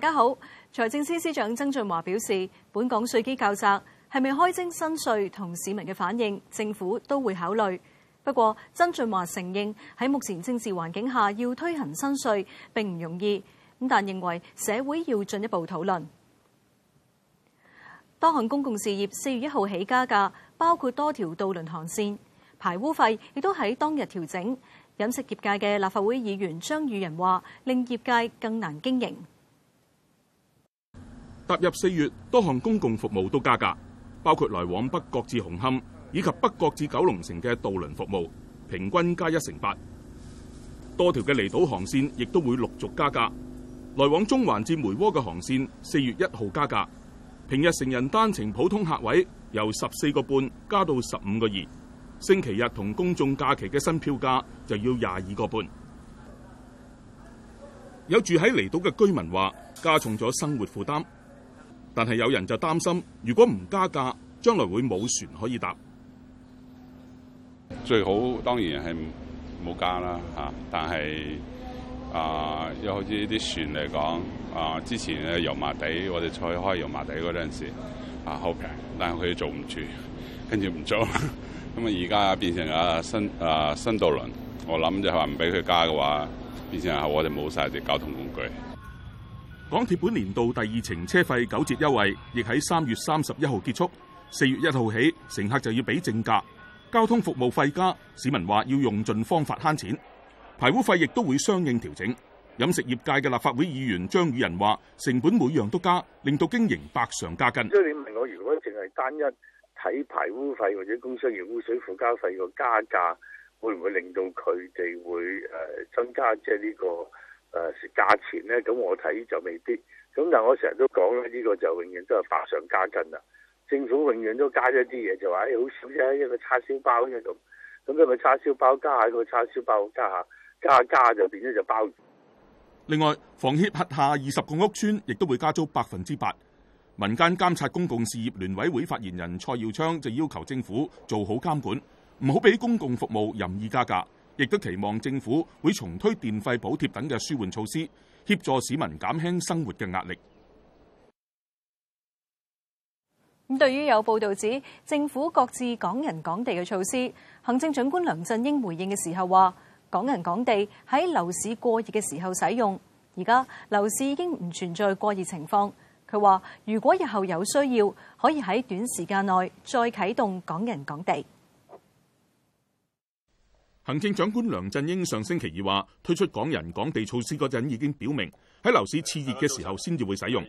大家好，財政司司長曾俊華表示，本港稅基較窄，係咪開徵新稅同市民嘅反應，政府都會考慮。不過，曾俊華承認喺目前政治環境下要推行新稅並唔容易，咁但認為社會要進一步討論。多項公共事業四月一號起加價，包括多條渡輪航線，排污費亦都喺當日調整。飲食業界嘅立法會議員張宇人話，令業界更難經營。踏入四月，多項公共服務都加價，包括來往北角至紅磡以及北角至九龍城嘅渡輪服務，平均加一成八。多條嘅離島航線亦都會陸續加價，來往中環至梅窩嘅航線四月一號加價，平日成人單程普通客位由十四個半加到十五個二，星期日同公眾假期嘅新票價就要廿二個半。有住喺離島嘅居民話：加重咗生活負擔。但係有人就擔心，如果唔加價，將來會冇船可以搭。最好當然係冇加啦嚇，啊，但係啊，又好似啲船嚟講啊，之前嘅油麻地，我哋坐去開油麻地嗰陣時啊好平，但係佢做唔住，跟住唔做，咁啊而家變成了新啊新啊新渡輪，我諗就係話唔俾佢加嘅話，變成係我哋冇晒隻交通工具。港鐵本年度第二程車費九折優惠，亦喺三月三十一號結束。四月一號起，乘客就要俾正價。交通服務費加，市民話要用盡方法慳錢。排污費亦都會相應調整。飲食業界嘅立法會議員張宇人話：成本每樣都加，令到經營百上加斤。即係你問我，如果淨係單一睇排污費或者工商業污水附加費個加價，會唔會令到佢哋會誒增加即係呢個？誒、啊，價錢咧，咁我睇就未必。咁但係我成日都講咧，呢、這個就永遠都係畫上加筋啦。政府永遠都加咗啲嘢，就話誒、哎、好少啫，一個叉燒包啫咁，咁即係咪叉燒包加下一個叉燒包，加叉燒包加，加下加下就變咗隻鮑魚。另外，房協轄下二十個屋村亦都會加租百分之八。民間監察公共事業聯委會發言人蔡耀昌就要求政府做好監管，唔好俾公共服務任意加價。亦都期望政府會重推電費補貼等嘅舒緩措施，協助市民減輕生活嘅壓力。咁，對於有報道指政府擱置港人港地嘅措施，行政長官梁振英回應嘅時候話，港人港地喺樓市過熱嘅時候使用，而家樓市已經唔存在過熱情況，佢話如果日後有需要，可以喺短時間內再啟動港人港地。行政長官梁振英上星期二話，推出港人港地措施嗰陣已經表明，喺樓市熾熱嘅時候先至會使用。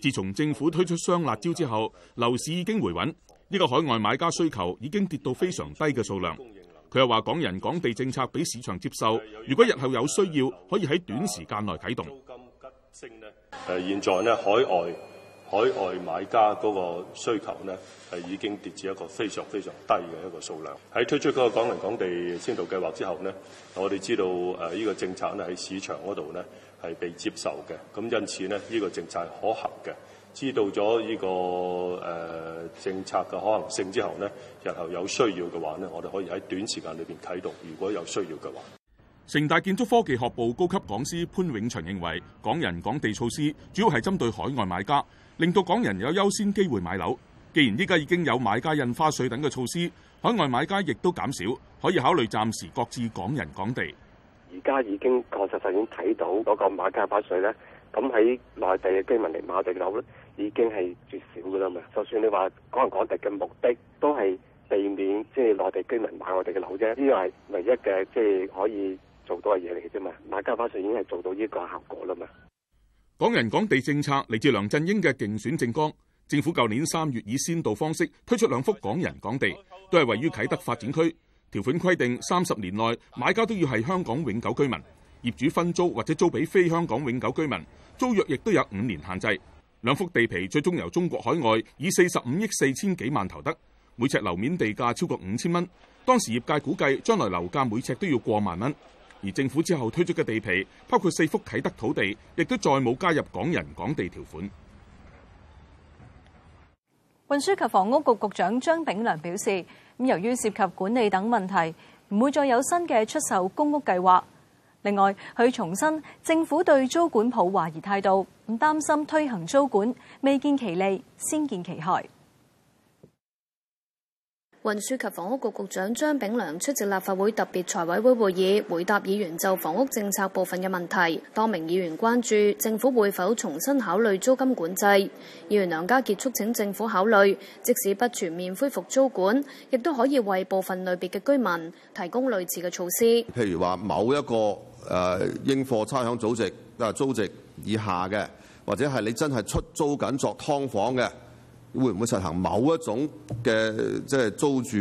自從政府推出雙辣椒之後，樓市已經回穩，呢個海外買家需求已經跌到非常低嘅數量。佢又話港人港地政策畀市場接受，如果日後有需要，可以喺短時間內啟動。海外買家嗰個需求咧係已經跌至一個非常非常低嘅一個數量。喺推出嗰個港人港地先導計劃之後咧，我哋知道誒呢個政策喺市場嗰度咧係被接受嘅。咁因此咧，呢、這個政策係可行嘅。知道咗呢、這個誒、呃、政策嘅可能性之後咧，日後有需要嘅話咧，我哋可以喺短時間裏邊啟動。如果有需要嘅話，城大建築科技學部高級講師潘永祥認為港人港地措施主要係針對海外買家。令到港人有優先機會買樓。既然依家已經有買家印花稅等嘅措施，海外買家亦都減少，可以考慮暫時擱置港人港地。而家已經確實在已經睇到嗰個買家印花稅咧，咁喺內地嘅居民嚟買我哋樓咧，已經係絕少噶啦嘛。就算你話港人港地嘅目的，都係避免即係、就是、內地居民買我哋嘅樓啫。呢個係唯一嘅即係可以做到嘅嘢嚟嘅啫嘛。買家印花稅已經係做到呢個效果啦嘛。港人港地政策嚟自梁振英嘅競選政綱，政府舊年三月以先導方式推出兩幅港人港地，都係位於啟德發展區。條款規定三十年內買家都要係香港永久居民，業主分租或者租俾非香港永久居民，租約亦都有五年限制。兩幅地皮最終由中國海外以四十五億四千幾萬投得，每尺樓面地價超過五千蚊，當時業界估計將來樓價每尺都要過萬蚊。而政府之後推出嘅地皮，包括四幅啟德土地，亦都再冇加入港人港地條款。運輸及房屋局局，局長張炳良表示，咁由於涉及管理等問題，唔會再有新嘅出售公屋計劃。另外，佢重申政府對租管抱懷疑態度，唔擔心推行租管，未見其利，先見其害。運輸及房屋局局長張炳良出席立法會特別財委會會議，回答議員就房屋政策部分嘅問題。多名議員關注政府會否重新考慮租金管制。議員梁家傑促請政府考慮，即使不全面恢復租管，亦都可以為部分類別嘅居民提供類似嘅措施。譬如話某一個誒應課差餉租值啊，租值以下嘅，或者係你真係出租緊作㓥房嘅。會唔會實行某一種嘅即係租住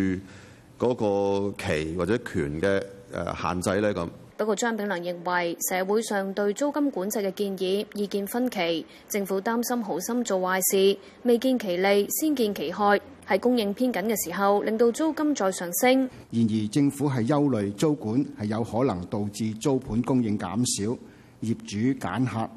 嗰個期或者權嘅誒限制咧？咁不過張炳良認為社會上對租金管制嘅建議意見分歧，政府擔心好心做壞事，未見其利先見其害，係供應偏緊嘅時候，令到租金再上升。然而政府係憂慮租管係有可能導致租盤供應減少、業主揀客、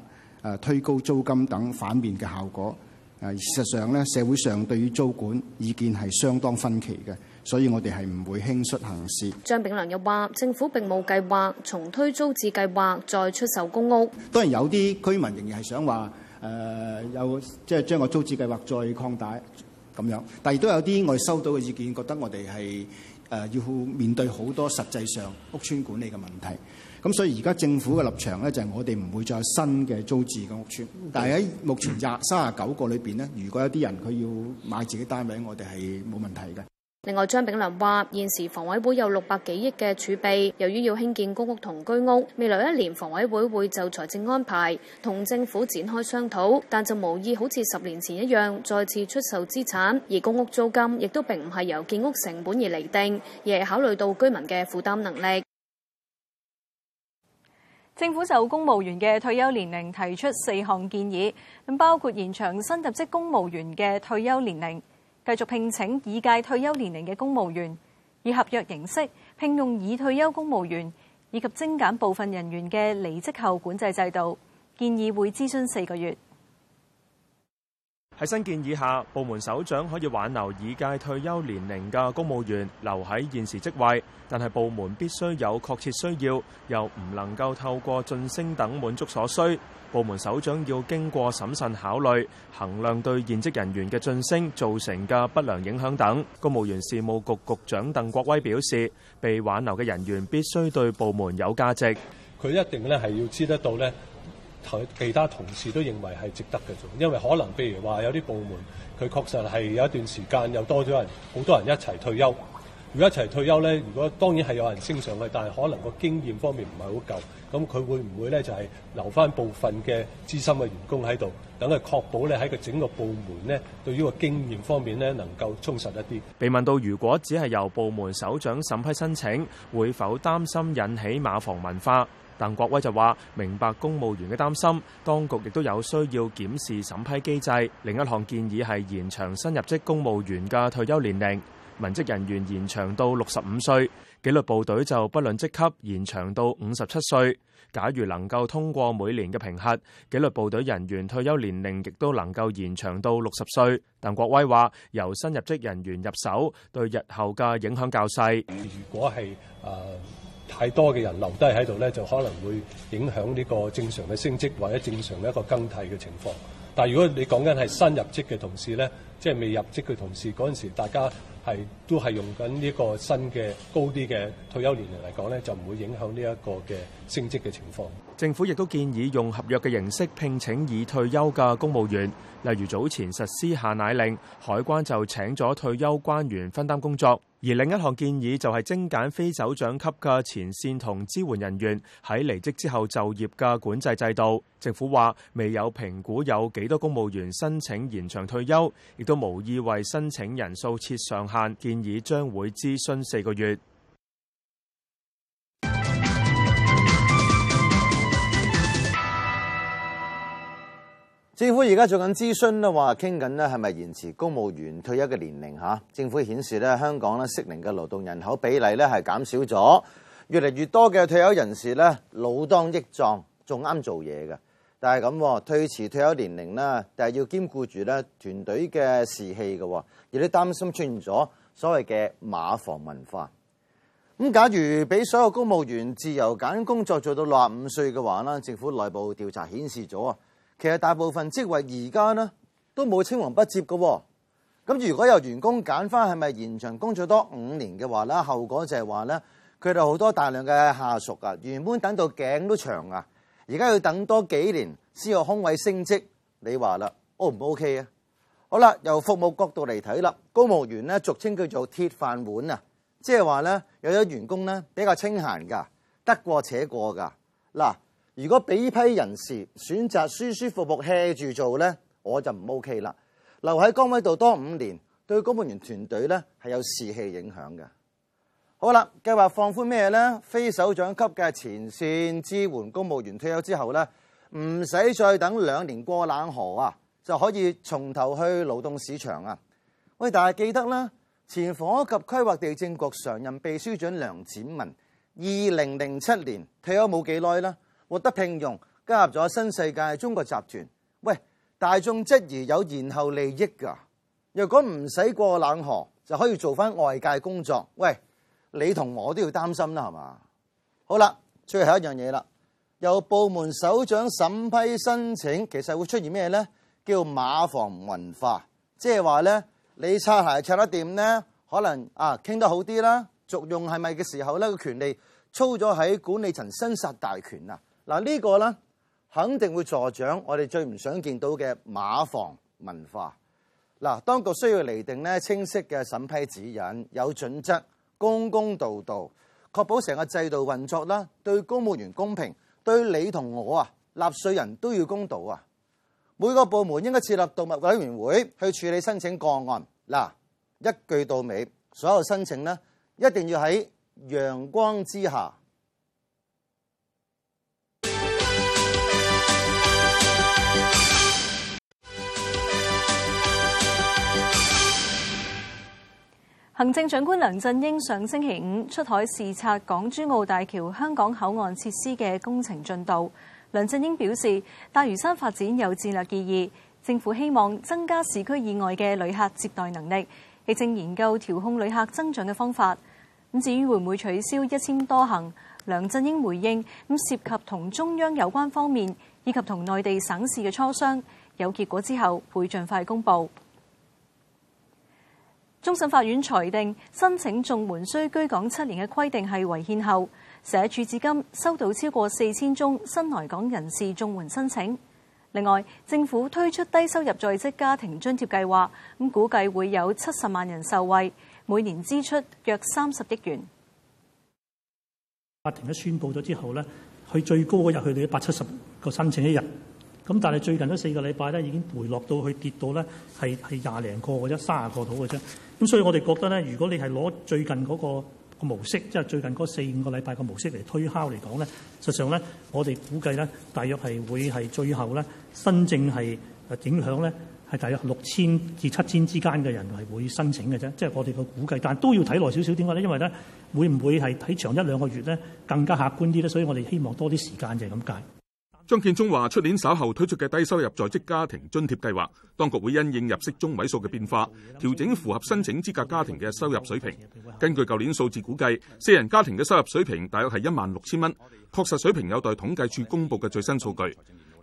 誒推高租金等反面嘅效果。誒，事實上咧，社會上對於租管意見係相當分歧嘅，所以我哋係唔會輕率行事。張炳良又話，政府並冇計劃重推租置計劃，再出售公屋。當然有啲居民仍然係想話誒、呃，有即係、就是、將個租置計劃再擴大咁樣，但係亦都有啲我哋收到嘅意見，覺得我哋係誒要面對好多實際上屋邨管理嘅問題。咁所以而家政府嘅立場咧，就係我哋唔會再有新嘅租置嘅屋邨。但係喺目前廿三十九個裏邊咧，如果有啲人佢要買自己單位，我哋係冇問題嘅。另外，張炳良話：現時房委會有六百幾億嘅儲備，由於要興建公屋同居屋，未來一年房委會會就財政安排同政府展開商討，但就無意好似十年前一樣再次出售資產。而公屋租金亦都並唔係由建屋成本而釐定，而係考慮到居民嘅負擔能力。政府就公務員嘅退休年齡提出四項建議，咁包括延長新入職公務員嘅退休年齡，繼續聘請已屆退休年齡嘅公務員，以合約形式聘用已退休公務員，以及精簡部分人員嘅離職後管制制度。建議會諮詢四個月。喺新建議下，部門首長可以挽留已屆退休年齡嘅公務員留喺現時職位，但係部門必須有確切需要，又唔能夠透過晉升等滿足所需。部門首長要經過審慎考慮、衡量對現職人員嘅晉升造成嘅不良影響等。公務員事務局局長鄧國威表示，被挽留嘅人員必須對部門有價值，佢一定咧係要知得到呢。其他同事都認為係值得嘅，因為可能譬如話有啲部門佢確實係有一段時間又多咗人，好多人一齊退休。如果一齊退休呢，如果當然係有人升上去，但係可能個經驗方面唔係好夠，咁佢會唔會呢？就係留翻部分嘅資深嘅員工喺度，等佢確保咧喺個整個部門呢，對於個經驗方面呢，能夠充實一啲。被問到如果只係由部門首長審批申請，會否擔心引起馬房文化？鄧國威就話：明白公務員嘅擔心，當局亦都有需要檢視審批機制。另一項建議係延長新入職公務員嘅退休年齡，文職人員延長到六十五歲，紀律部隊就不論職級延長到五十七歲。假如能夠通過每年嘅評核，紀律部隊人員退休年齡亦都能夠延長到六十歲。鄧國威話：由新入職人員入手，對日後嘅影響較細。如果係誒。太多嘅人留低喺度咧，就可能會影響呢個正常嘅升職或者正常嘅一個更替嘅情況。但係如果你講緊係新入職嘅同事咧，即係未入職嘅同事嗰陣時，大家係都係用緊呢個新嘅高啲嘅退休年齡嚟講咧，就唔會影響呢一個嘅升職嘅情況，政府亦都建議用合約嘅形式聘請已退休嘅公務員，例如早前實施限奶令，海關就請咗退休官員分擔工作。而另一項建議就係精簡非首長級嘅前線同支援人員喺離職之後就業嘅管制制度。政府話未有評估有幾多公務員申請延長退休，亦都無意為申請人數設上限。建議將會諮詢四個月。政府而家做緊諮詢啦，話傾緊咧係咪延遲公務員退休嘅年齡吓？政府顯示咧，香港咧適齡嘅勞動人口比例咧係減少咗，越嚟越多嘅退休人士咧老當益壯，仲啱做嘢嘅。但係咁，推遲退休年齡咧，但係要兼顧住咧團隊嘅士氣嘅，亦都擔心出現咗所謂嘅馬房文化。咁假如俾所有公務員自由揀工作做到六十五歲嘅話咧，政府內部調查顯示咗。其實大部分職位而家呢都冇青黃不接喎。咁如果由員工揀翻係咪延長工作多五年嘅話呢，後果就係話呢，佢哋好多大量嘅下屬啊，原本等到頸都長啊，而家要等多幾年先有空位升職，你話啦，O 唔 OK 啊？好啦，由服務角度嚟睇啦，公務員呢俗稱叫做鐵飯碗啊，即係話呢，有咗員工呢比較清閒噶，得過且過噶，嗱。如果俾批人士選擇舒舒服服 hea 住做呢，我就唔 ok 啦。留喺崗位度多五年，對公務員團隊呢係有士氣影響嘅。好啦，計劃放寬咩呢？非首長級嘅前線支援公務員退休之後呢，唔使再等兩年過冷河啊，就可以從頭去勞動市場啊。喂，大家記得啦，前房屋及規劃地政局常任秘書長梁展文，二零零七年退休冇幾耐啦。獲得聘用，加入咗新世界中國集團。喂，大眾質疑有延後利益噶。若果唔使過冷河，就可以做返外界工作。喂，你同我都要擔心啦，係嘛？好啦，最後一樣嘢啦，由部門首長審批申請，其實會出現咩呢？叫馬房文化，即係話呢，你擦鞋擦得掂呢，可能啊傾得好啲啦。續用係咪嘅時候呢，個權力操咗喺管理層，生殺大權啊！嗱、這、呢個咧，肯定會助長我哋最唔想見到嘅馬房文化。嗱，當局需要釐定咧清晰嘅審批指引，有準則、公公道道，確保成個制度運作啦，對公務員公平，對你同我啊納稅人都要公道啊！每個部門應該設立動物委員會去處理申請個案。嗱，一句到尾，所有申請咧一定要喺陽光之下。行政長官梁振英上星期五出海視察港珠澳大橋香港口岸設施嘅工程進度。梁振英表示，大嶼山發展有戰略意義，政府希望增加市區以外嘅旅客接待能力，亦正研究調控旅客增長嘅方法。咁至於會唔會取消一簽多行，梁振英回應：咁涉及同中央有關方面以及同內地省市嘅磋商，有結果之後會盡快公布。終審法院裁定申請綜援需居港七年嘅規定係違憲後，社署至今收到超過四千宗新來港人士綜援申請。另外，政府推出低收入在職家庭津貼計劃，咁估計會有七十萬人受惠，每年支出約三十億元。法庭一宣佈咗之後呢，去最高嗰日去到一百七十個申請一日。咁但係最近嗰四個禮拜咧，已經回落到去跌到咧係廿零個或者卅個度嘅啫。咁所以我哋覺得咧，如果你係攞最近嗰個模式，即係最近嗰四五個禮拜嘅模式嚟推敲嚟講咧，實上咧我哋估計咧，大約係會係最後咧新政係誒影響咧，係大約六千至七千之間嘅人係會申請嘅啫。即係我哋個估計，但都要睇耐少少，點解咧？因為咧會唔會係睇長一兩個月咧更加客觀啲咧？所以我哋希望多啲時間就係咁解。張建宗話：出年稍後推出嘅低收入在職家庭津貼計劃，當局會因應入息中位數嘅變化，調整符合申請資格家庭嘅收入水平。根據舊年數字估計，四人家庭嘅收入水平大約係一萬六千蚊，確實水平有待統計處公布嘅最新數據。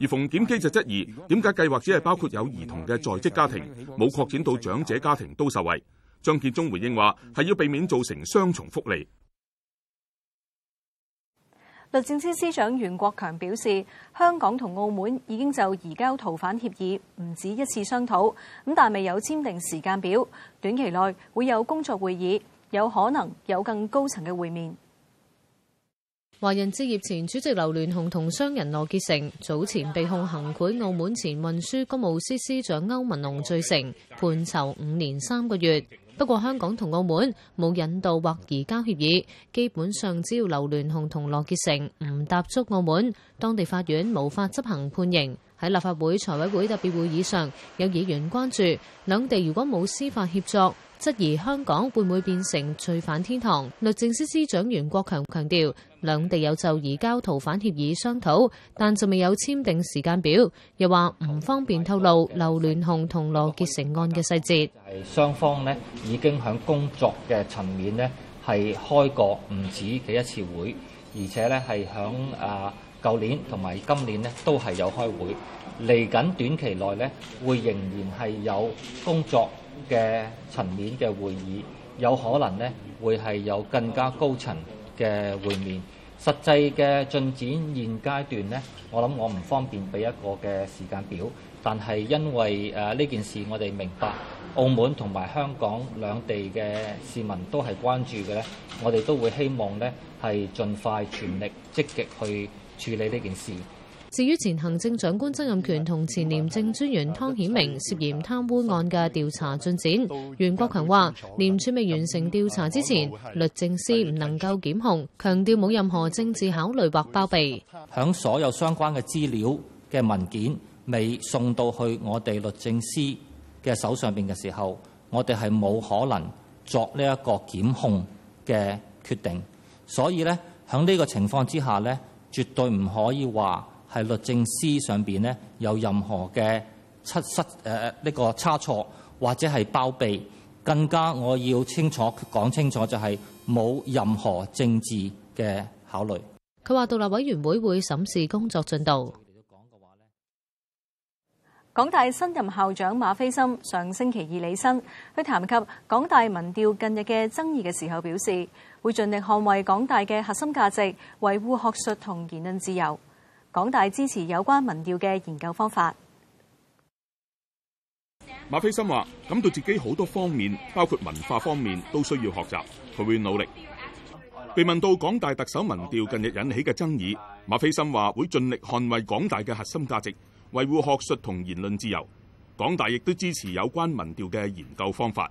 而馮檢基就質疑：點解計劃只係包括有兒童嘅在職家庭，冇擴展到長者家庭都受惠？張建宗回應話：係要避免造成雙重福利。律政司司長袁國強表示，香港同澳門已經就移交逃犯協議唔止一次商討，咁但未有簽訂時間表，短期內會有工作會議，有可能有更高層嘅會面。華人置業前主席劉鑾雄同商人羅傑承早前被控行賄澳門前運輸公務司司長歐文龍罪成，判囚五年三個月。不過，香港同澳門冇引渡或移交協議，基本上只要劉鑾雄同羅傑承唔踏足澳門，當地法院，無法執行判刑。喺立法會財委會特別會議上，有議員關注兩地如果冇司法協作，質疑香港會唔會變成罪犯天堂。律政司司長袁國強強調。兩地有就移交逃犯協議商討，但仲未有簽訂時間表。又話唔方便透露劉聯雄同羅杰成案嘅細節。係雙方咧，已經喺工作嘅層面咧，係開過唔止嘅一次會，而且咧，係響啊舊年同埋今年咧，都係有開會。嚟緊短期內咧，會仍然係有工作嘅層面嘅會議，有可能咧，會係有更加高層。嘅會面，實際嘅進展現階段咧，我諗我唔方便俾一個嘅時間表，但係因為誒呢件事我哋明白澳門同埋香港兩地嘅市民都係關注嘅咧，我哋都會希望咧係盡快全力積極去處理呢件事。至於前行政長官曾蔭權同前廉政專員湯顯明涉嫌貪污案嘅調查進展，袁國強話：廉署未完成調查之前，律政司唔能夠檢控，強調冇任何政治考慮或包庇。響所有相關嘅資料嘅文件未送到去我哋律政司嘅手上邊嘅時候，我哋係冇可能作呢一個檢控嘅決定。所以呢，響呢個情況之下呢，絕對唔可以話。係律政司上邊咧，有任何嘅出失誒，呢個差錯或者係包庇，更加我要清楚講清楚、就是，就係冇任何政治嘅考慮。佢話獨立委員會會審視工作進度。港大新任校長馬斐森上星期二履新，佢談及港大民調近日嘅爭議嘅時候，表示會盡力捍衞港大嘅核心價值，維護學術同言論自由。港大支持有關民調嘅研究方法。馬斐森話感到自己好多方面，包括文化方面，都需要學習，佢會努力。被問到港大特首民調近日引起嘅爭議，馬斐森話會盡力捍衛港大嘅核心價值，維護學術同言論自由。港大亦都支持有關民調嘅研究方法。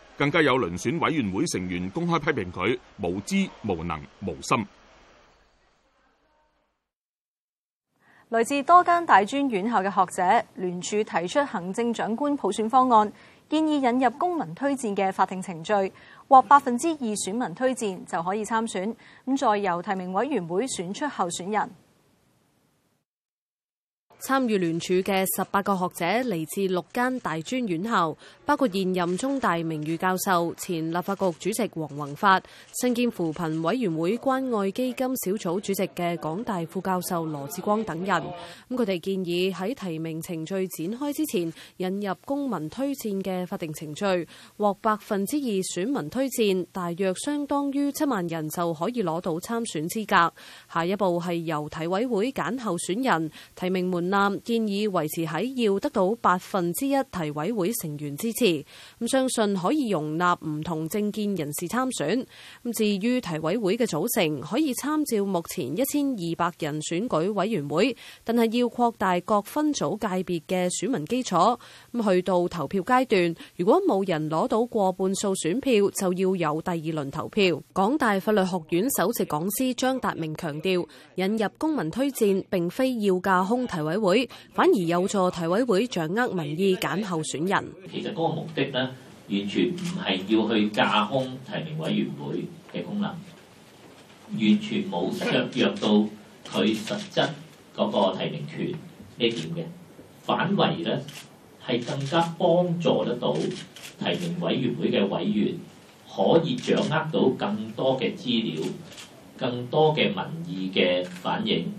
更加有遴選委員會成員公開批評佢無知無能無心。來自多間大專院校嘅學者聯署提出行政長官普選方案，建議引入公民推薦嘅法定程序，獲百分之二選民推薦就可以參選，咁再由提名委員會選出候選人。參與聯署嘅十八個學者嚟自六間大專院校，包括現任中大名譽教授、前立法局主席黃宏發、身兼扶貧委員會關愛基金小組主席嘅港大副教授羅致光等人。咁佢哋建議喺提名程序展開之前，引入公民推薦嘅法定程序，獲百分之二選民推薦，大約相當於七萬人就可以攞到參選資格。下一步係由提委會揀候選人，提名門。建議維持喺要得到百分之一提委會成員支持，咁相信可以容納唔同政見人士參選。咁至於提委會嘅組成，可以參照目前一千二百人選舉委員會，但係要擴大各分組界別嘅選民基礎。咁去到投票階段，如果冇人攞到過半數選票，就要有第二輪投票。港大法律學院首席講師張達明強調，引入公民推薦，并非要架空提委會。會反而有助提委會掌握民意，揀候選人。其實嗰個目的呢，完全唔係要去架空提名委員會嘅功能，完全冇削弱到佢實質嗰個提名權呢點嘅。反為呢，係更加幫助得到提名委員會嘅委員可以掌握到更多嘅資料、更多嘅民意嘅反應，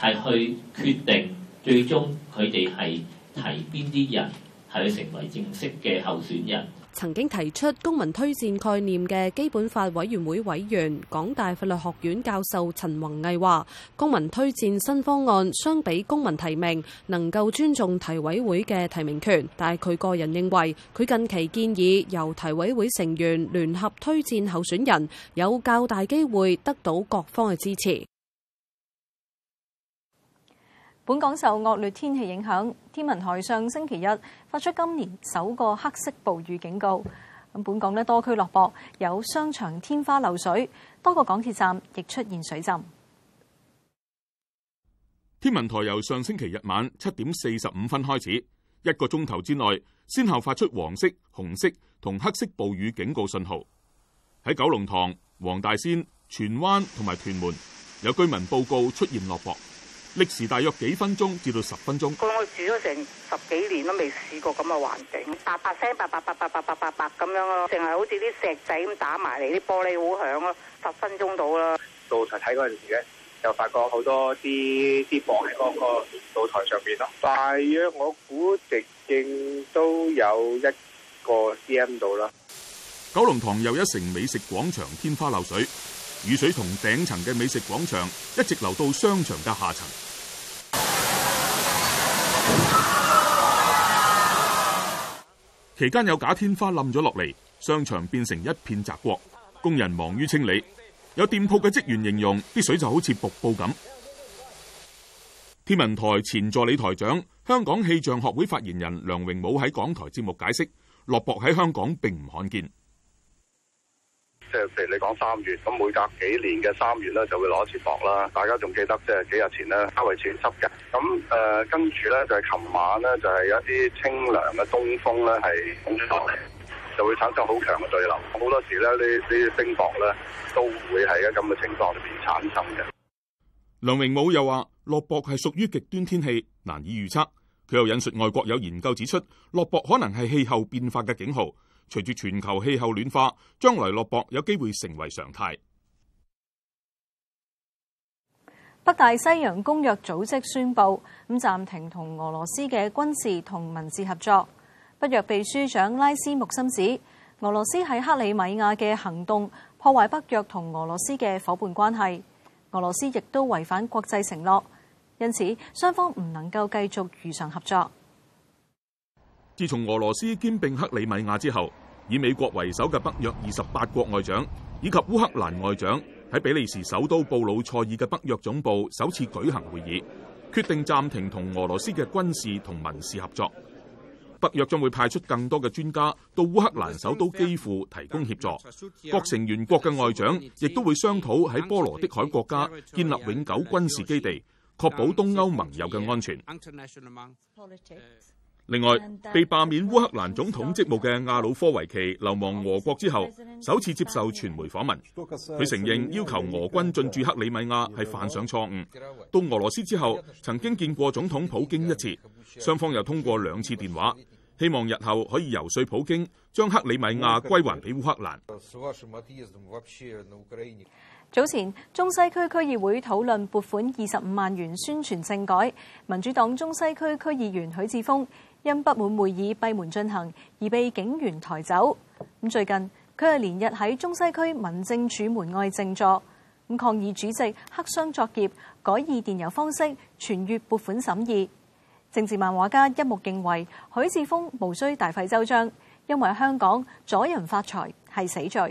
係去決定。最終佢哋係提邊啲人係成為正式嘅候選人。曾經提出公民推薦概念嘅基本法委員會委員、港大法律學院教授陳宏毅話，公民推薦新方案相比公民提名，能夠尊重提委會嘅提名權，但係佢個人認為，佢近期建議由提委會成員聯合推薦候選人，有較大機會得到各方嘅支持。本港受惡劣天氣影響，天文台上星期日發出今年首個黑色暴雨警告。本港呢多區落雹，有商場天花漏水，多個港鐵站亦出現水浸。天文台由上星期日晚七點四十五分開始，一個鐘頭之內，先後發出黃色、紅色同黑色暴雨警告信號。喺九龍塘、黃大仙、荃灣同埋屯門，有居民報告出現落雹。歷時大約幾分鐘至到十分鐘。我住咗成十幾年都未試過咁嘅環境，啪啪聲，啪啪啪啪啪啪啪啪咁樣咯，淨係好似啲石仔咁打埋嚟，啲玻璃好響咯，十分鐘到啦。到台睇嗰陣時咧，就發覺好多啲啲房喺嗰個露台上邊咯。大約我估直徑都有一個 cm 度啦。九龍塘又一城美食廣場天花漏水，雨水同頂層嘅美食廣場一直流到商場嘅下層。期間有假天花冧咗落嚟，商場變成一片澤國，工人忙於清理。有店鋪嘅職員形容啲水就好似瀑布咁。天文台前助理台長、香港氣象學會發言人梁榮武喺港台節目解釋：落雹喺香港並唔罕見。即係譬如你講三月，咁每隔幾年嘅三月咧，就會落一次雹啦。大家仲記得即係幾日前咧，較為潮濕嘅，咁誒跟住咧，就係琴晚咧，就係有一啲清涼嘅東風咧，係湧出嚟，就會產生好強嘅對流。好多時咧呢啲冰雹咧，都會係喺咁嘅情況裏邊產生嘅。梁榮武又話落雹係屬於極端天氣，難以預測。佢又引述外國有研究指出，落雹可能係氣候變化嘅警號。隨住全球氣候暖化，將來落雹有機會成為常態。北大西洋公約組織宣布咁暫停同俄羅斯嘅軍事同民事合作。北約秘書長拉斯穆森指，俄羅斯喺克里米亞嘅行動破壞北約同俄羅斯嘅伙伴關係，俄羅斯亦都違反國際承諾，因此雙方唔能夠繼續如常合作。.自從俄羅斯兼併克里米亞之後，以美國為首嘅北約二十八國外長以及烏克蘭外長喺比利時首都布魯塞爾嘅北約總部首次舉行會議，決定暫停同俄羅斯嘅軍事同民事合作。北約將會派出更多嘅專家到烏克蘭首都基輔提供協助。各成員國嘅外長亦都會商討喺波羅的海國家建立永久軍事基地，確保東歐盟友嘅安全。另外，被罷免烏克蘭總統職務嘅亞努科維奇流亡俄國之後，首次接受傳媒訪問，佢承認要求俄軍進駐克里米亞係犯上錯誤。到俄羅斯之後，曾經見過總統普京一次，雙方又通過兩次電話，希望日後可以游說普京將克里米亞歸還俾烏克蘭。早前中西區區議會討論撥款二十五萬元宣傳政改，民主黨中西區區議員許智峰，因不滿會議閉門進行而被警員抬走。咁最近佢係連日喺中西區民政處門外靜坐咁抗議主席黑箱作業改以電郵方式傳閱撥款審議。政治漫畫家一木認為許智峯無需大費周章，因為香港阻人發財係死罪。